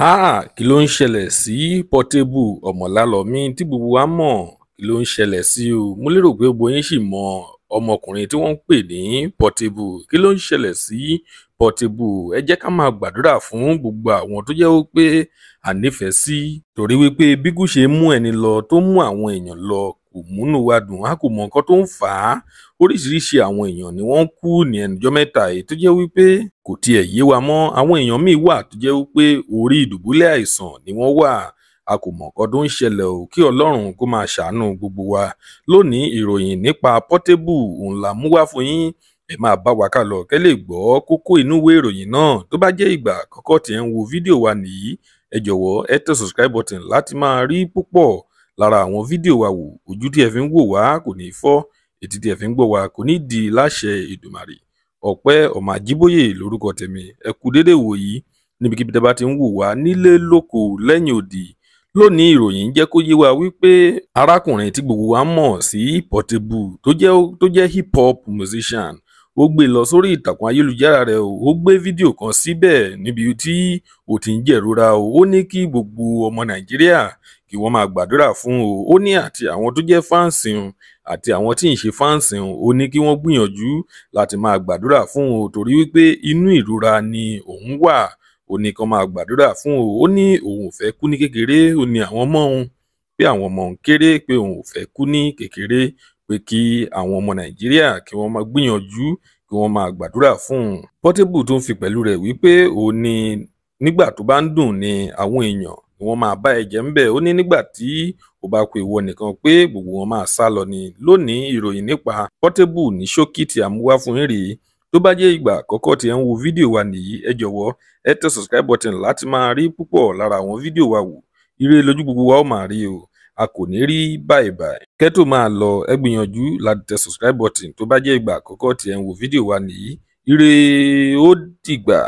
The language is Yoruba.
háà kí ló ń ṣẹlẹ̀ sí pọtébù ọmọlálọ́mí tí gbogbo wa mọ̀ kí ló ń ṣẹlẹ̀ sí o mo lérò pé gbogbo yín sì mọ ọmọkùnrin tí wọ́n ń pè ní pọtébù kí ló ń ṣẹlẹ̀ sí pọtébù ẹ jẹ́ ká máa gbàdúrà fún gbogbo àwọn tó jẹ́ pé a sí torí wípé bígùn ṣe mú ẹni lọ tó mú àwọn èèyàn lọ kò múnú wa dùn a kò mọ nǹkan tó ń fà á oríṣiríṣi àwọn èèyàn ni wọ́n ń kú ní ẹnìjọ́ mẹ́ta èyí tó jẹ́ wípé kò tiẹ̀ yé wa mọ́ àwọn èèyàn míì wà tó jẹ́ wípé orí ìdùbúlẹ̀ àìsàn ni wọ́n wà a kò mọ nǹkan tó ń ṣẹlẹ̀ o kí Ọlọ́run kó máa ṣàánú gbogbo wa lónìí ìròyìn nípa Portable òun la mú wá fún yín ẹ máa bá wa ká lọ kẹ́ lè gbọ́ kókó inú ìwé ìròyìn náà tó bá jẹ́ ìgbà àkọ́kọ́ tí ń wo fídíò wa nìyí ẹ jọ̀wọ́ ẹ tẹ subscribe button láti máa rí púpọ̀ lára àwọn fídíò wa wò ojú tí ẹ fi ń wò wá kò ní fọ́ etí tí ẹ fi ń gbọ́ wá kò ní di láṣẹ Èdùmàrè Ọpẹ́ Ọmọ Ajíbóyè lórúkọ tèmi ẹ kú dédé wò yìí níbikíbi tẹ́ bá ti ń wò wá nílé lóko lẹ́yìn odi lónìí ìròyìn jẹ́ kó yé wa wípé arákùnrin tí gbogbo wa mọ̀ sí Portable tó jẹ́ hip hop musician ó gbé e lọ sórí ìtàkùn ayélujára rẹ̀ o ó gbé fídíò kan síbẹ̀ níbi tí ó ti ń jẹ̀rora o ó ní kí gbogbo ọmọ nàìjíríà kí wọ́n máa gbàdúrà fún o ó ní àti àwọn tó jẹ́ fáǹsì o àti àwọn tí ń ṣe fáǹsì o ó ní kí wọ́n gbìyànjú láti máa gbàdúrà fún o torí wípé inú ìrora ni òun wà ó ní kí wọ́n máa gbàdúrà fún o ó ní òun ò fẹ́ kú ní kékeré ó ní àwọn ọmọ òun pé àwọn ọmọ òun kéré pé òun ò fẹ́ kú ní kékeré pé kí àwọn ọmọ nàìjíríà kí wọ́n máa gbìyànjú kí wọ́n máa gbàdúrà fún un Portable tún fi pẹ̀lú rẹ̀ wípé òun ni nígbà tó bá ń dùn ni àwọn èèyàn ni wọ́n máa bá ẹ̀jẹ̀ ń bẹ̀ ó ní nígbà tí ó bá kú ìwọ nìkan pé gbogbo wọn máa sá lọ ni lónìí ìròyìn nípa Portable ní ṣókí tí a mú wá fún yín rèé tó bá jẹ́ ìgbà àkọ́kọ́ tí ẹ ń wo fídíò wa nìyí ẹ jọ̀wọ́ ẹ tẹ subscribe button láti máa rí púpọ̀ lára àwọn fídíò wa wò ire lójú gbogbo wa ó máa rí o a kò ní rí báyìí báyìí kẹ́tù máa lọ ẹ gbìyànjú láti tẹ subscribe button tó bá jẹ́ ìgbà àkọ́kọ́ tí ẹ̀ ń wo fídíò wa nìyí ire ó dìgbà